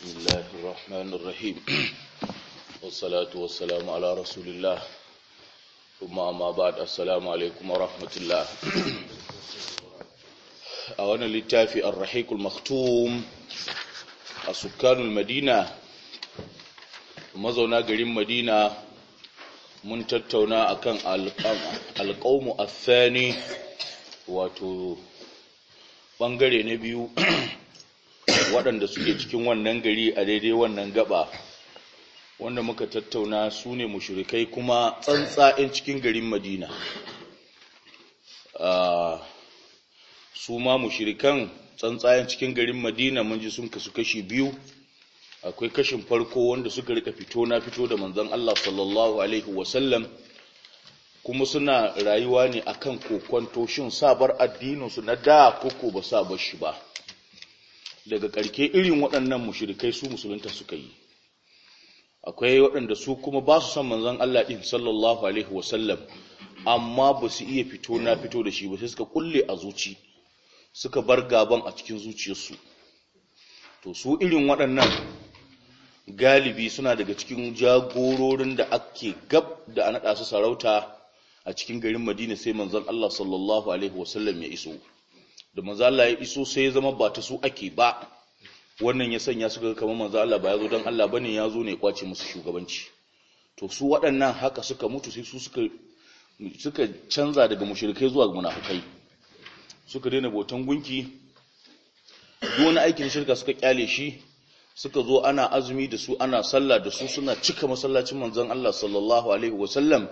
بسم الله الرحمن الرحيم والصلاة والسلام على رسول الله ثم أما بعد السلام عليكم ورحمة الله أولا للتافي الرحيق المختوم السكان المدينة mazauna garin Madina mun tattauna akan alƙawmu athani wato bangare na biyu waɗanda suke cikin wannan gari a daidai wannan gaba wanda muka tattauna su ne mushrikai kuma tsantsa'in cikin garin madina ah, su ma mushrikan cikin garin madina mun ji sun kasu kashi biyu akwai kashin farko wanda suka rika fito na fito da manzon Allah sallallahu alaihi wasallam kuma suna rayuwa ne akan kokonto shin sabar addininsu na da koko ba sa shi ba daga karke irin waɗannan mushirikai su musulunta suka yi akwai waɗanda su kuma ba su san manzan Allah ɗin sallallahu alaihi wasallam amma ba su iya fito na fito da shi ba sai suka kulle a zuci suka bar gaban a cikin zuciyarsu to su irin waɗannan galibi suna daga cikin jagororin da ake gab da a naɗa su sarauta a cikin garin Madina sai manzan Allah sallallahu alaihi wasallam ya iso da manzo Allah ya iso sai ya zama ba ta su ake ba wannan ya sanya su ga kamar manzo Allah ba ya zo dan Allah bane ya zo ne kwace musu shugabanci to su waɗannan haka suka mutu sai su suka suka canza daga mushrikai zuwa munafikai suka daina botan gunki duk wani aikin shirka suka kyale shi suka zo ana azumi da su ana sallah da su suna cika masallacin manzon Allah sallallahu alaihi wasallam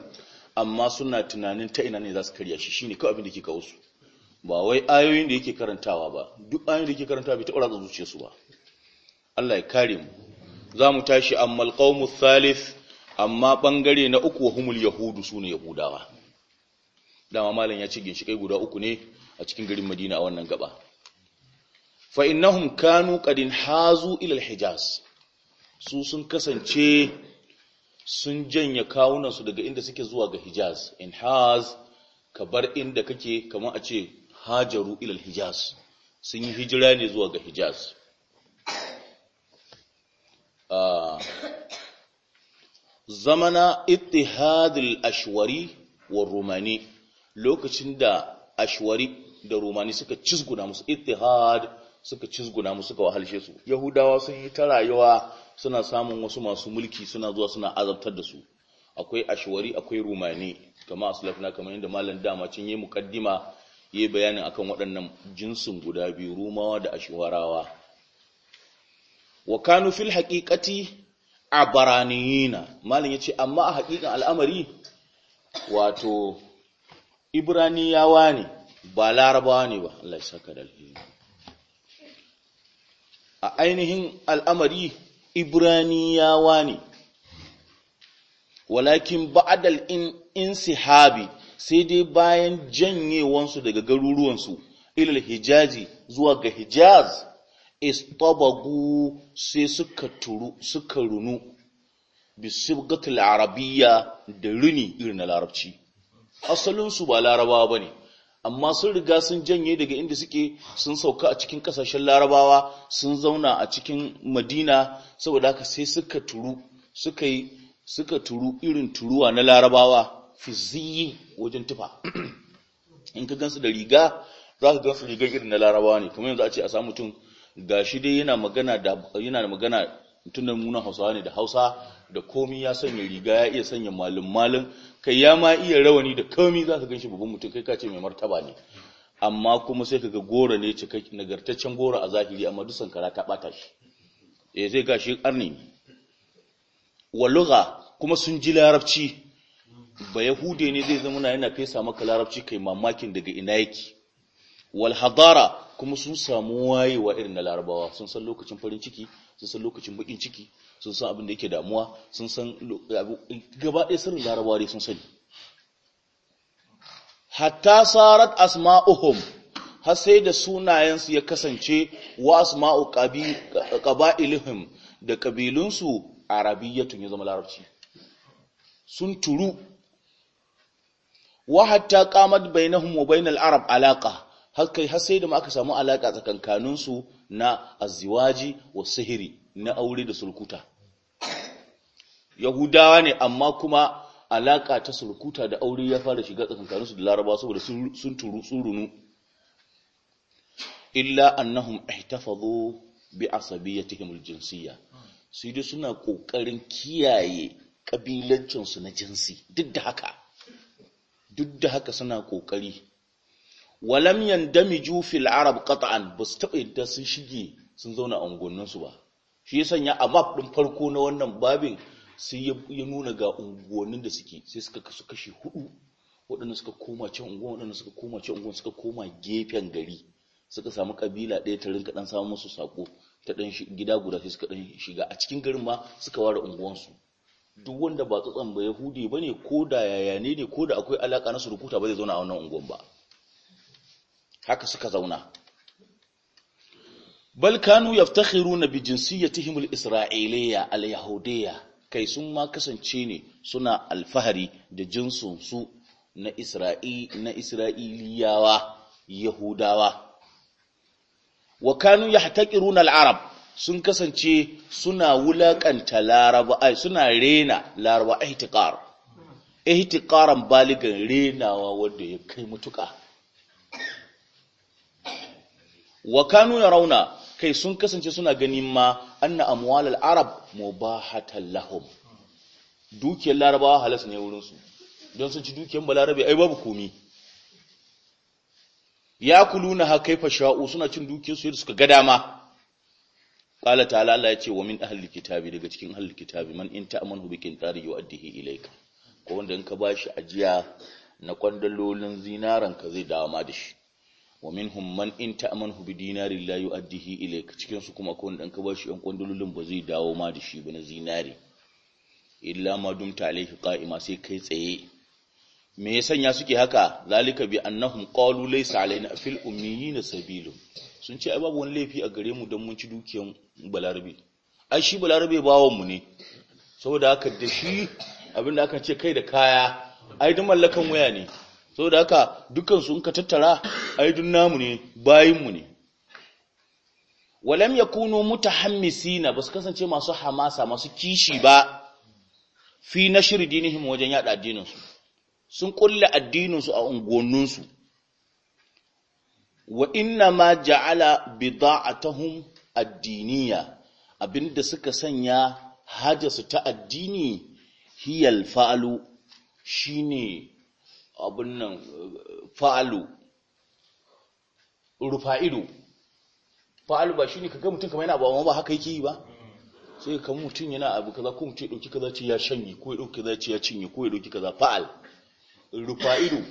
amma suna tunanin ta ina ne za su karya shi shine kawai abin da ke kawo su ba wai ayoyin da yake karantawa ba duk ayoyin da yake karantawa bai taɓa ratsa zuciyarsu ba Allah ya kare mu za mu tashi ammal qaumu thalith amma bangare na uku wa humul yahudu sune yahudawa dama malam ya ce ginshikai guda uku ne a cikin garin Madina a wannan gaba fa innahum kanu qadin hazu ila alhijaz hijaz su sun kasance sun janye kawunansu daga inda suke zuwa ga hijaz inhaz ka bar inda kake kamar a ce hajaru ilal hijaz sun yi hijira ne zuwa ga hijaz ah, zamana ittihadul ashwari wa rumani lokacin da ashwari da rumani suka cizguna musu ittihad suka cizguna musu ga wahalshe su yahudawa sun yi ta rayuwa suna samun wasu masu mulki suna zuwa suna azabtar da su akwai ashwari akwai rumani kama aslafna kamar yadda malam dama cin yi mukaddima ya yi bayanin akan waɗannan jinsin guda biyu rumawa da ashwarawa wa kanu fil haqiqati abaraniyina malin yace amma a haƙiƙan al'amari wato ibraniyawa ne ba larabawa ne ba Allah ya saka a ainihin al'amari ibraniyawa ne walakin ba'dal in insihabi sai dai bayan janyewansu daga garuruwansu ilil hijaji zuwa ga hijaz istabagu sai suka turu suka runu bisibgatul arabiyya da runi irin larabci asalinsu ba larabawa ba ne amma sun riga sun janye daga inda suke sun sauka a cikin kasashen larabawa sun zauna a cikin madina saboda haka sai suka turu suka yi suka turu irin turuwa na larabawa fiziyi wajen tufa in ka gansu da riga za ka gansu rigar irin na larabawa ne kuma yanzu a ce a samu mutum gashi dai yana magana da yana da magana tunan nuna hausawa ne da hausa da komi ya sanya riga ya iya sanya malin malin kai ya ma iya rawani da komi za ka gan shi babban mutum kai ka ce mai martaba ne amma kuma sai ka ga goro ne cikakken nagartaccen goro a zahiri amma duk sankara ta bata shi eh sai shi arni wa lugha kuma sun ji larabci ba yahude ne zai zama na yana fesa maka larabci kai mamakin daga ina yake wal hadara kuma sun samu wayewa irin na larabawa sun san lokacin farin ciki sun san lokacin bakin ciki sun san abin da yake damuwa sun san gaba ɗaya sirrin larabawa dai sun sani hatta sarat asma'uhum har sai da sunayensu ya kasance wa asma'u qaba'ilihim da kabilunsu arabiyatun ya zama larabci sun turu wa hatta qamat bainahum wa bainal arab alaqa har kai har sai da aka samu alaka tsakankanin su na azziwaji wa sihiri na aure da sulkuta yahudawa ne amma kuma alaka ta sulkuta da aure ya fara shiga tsakankanin su da laraba saboda sun turu tsurunu illa annahum ihtafadhu bi asabiyatihim aljinsiyya sai dai suna kokarin kiyaye kabilancin su na jinsi duk da haka duk da haka suna kokari walam yandamiju fil arab qat'an bas taba yadda sun shige sun zauna a unguwanninsu ba shi ya sanya a map ɗin farko na wannan babin sai ya nuna ga unguwannin da suke sai suka kasu kashi hudu waɗanda suka koma can unguwa, waɗanda suka koma can unguwa suka koma gefen gari suka samu kabila ɗaya ta rinka dan samu musu sako ta dan gida guda sai suka dan shiga a cikin garin ma suka ware unguwansu duk wanda ba tsatsan ba yahudi ba ne ko da yayane ne ko da akwai alaƙa na surukuta ba zai zauna a wannan unguwan ba haka suka zauna bal kanu yaftakhiruna bi jinsiyyatihim al isra'iliya al yahudiya kai sun ma kasance ne suna alfahari da jinsunsu na isra'iliyawa yahudawa wa kanu yahtaqiruna al-arab sun kasance suna wulaƙanta laraba ai suna rena laraba ihtiqar ihtiqaran baligan renawa wanda ya kai mutuka wa kanu yarawna kai sun kasance suna ganin ma anna amwalal arab mubahatan lahum dukiyar larabawa halas ne wurin su don sun ci dukiyar balarabe ai babu komi ya kuluna ha kaifa sha'u suna cin dukiyar su yadda suka ga dama qala ta'ala Allah ya ce wa min ahli kitabi daga cikin ahli kitabi man in ta'amanu bi yau yu'addihi ilayka ko wanda in ka bashi ajiya na kwandalolin zinaran ka zai dawo ma da shi wa minhum man in ta'amanu bi dinarin la yu'addihi ilayka cikin su kuma ko wanda in ka bashi yan kwandalolin ba zai dawo ma da shi ba na zinari illa ma dumta alayhi qa'ima sai kai tsaye me ya sanya suke haka zalika bi annahum qalu laysa alaina fil ummiyina sabilun sun ce ai babu wani laifi a gare mu dan mun ci dukiyan balarabe ai shi balarabe bawon mu ne saboda haka da shi abinda aka ce kai da kaya ai duk mallakan waya ne saboda haka dukkan su in ka tattara ai duk namu ne bayin mu ne walam yakunu mutahammisina basu kasance masu hamasa masu kishi ba fi nashri dinihim wajen yada addinin su sun kulle addinin su a ungonnin su wa inna ma ja'ala bida'atuhum addiniya abinda suka sanya hajarsu ta addini hiyal fa'alu shine abin nan fa'alu rufa'idu fa'alu ba shine kaga mutum kamar yana ba amma ba haka yake yi ba sai ka mutum yana abu kaza ko mutum ya dauki kaza ce ya shanye ko ya dauki kaza ce ya cinye ko ya dauki kaza fa'al rufa'idu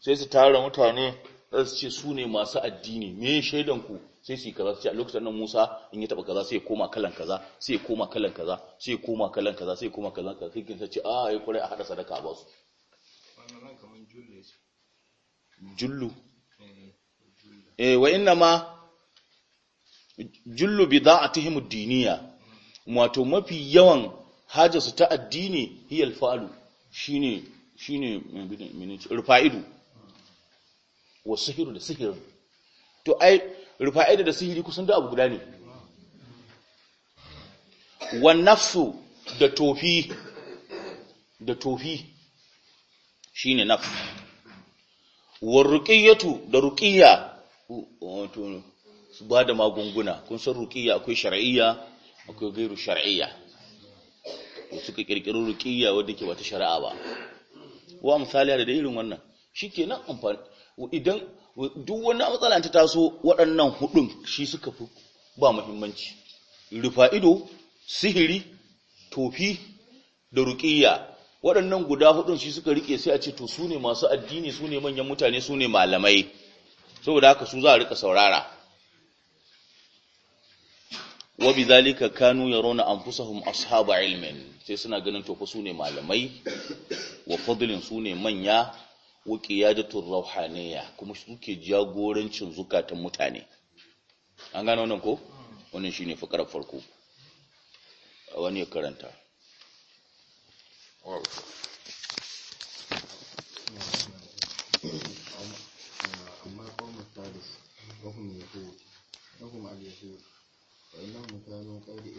sai su tara mutane su ce su ne masu addini me shaidan ku sai su yi kaza sai a lokacin nan Musa in ya taba kaza sai ya koma kalan kaza sai ya koma kalan kaza sai ya koma kalan kaza sai ya koma kalan kaza sai kinsa ce ah, a ai kure a hada sadaka ba su jullu eh, eh wa inna ma jullu da'atihim ad-diniya wato mafi yawan hajarsu ta addini al-fa'lu shine shine rufa'idu hmm. wa sihiru da sihiru to ai rufa'ida da sihiri kusan da abu guda ne wan nafsu da tofi da tofi shine nafsu war ruqiyatu da ruqiyya wato su ba da magunguna kun san ruqiyya akwai shar'iyya akwai gairu shar'iyya suka kirkiri ruqiyya wanda ke bata shari'a ba wa misali da irin wannan shikenan amfani idan duk wani matsala ta taso waɗannan hudun shi suka fi ba muhimmanci rufa ido sihiri tofi da ruƙiyya waɗannan guda hudun shi suka rike sai a ce to su ne masu addini su ne manyan mutane su ne malamai saboda haka su za a rika saurara wa bizalika kanu yarawna anfusahum ashabu ilmin sai suna ganin to fa su ne malamai wa fadlin su ne manya wa qiyadatur ruhaniya kuma suke jagorancin zukatan mutane an gano wannan ko wannan shine fakarar farko wani ya karanta أما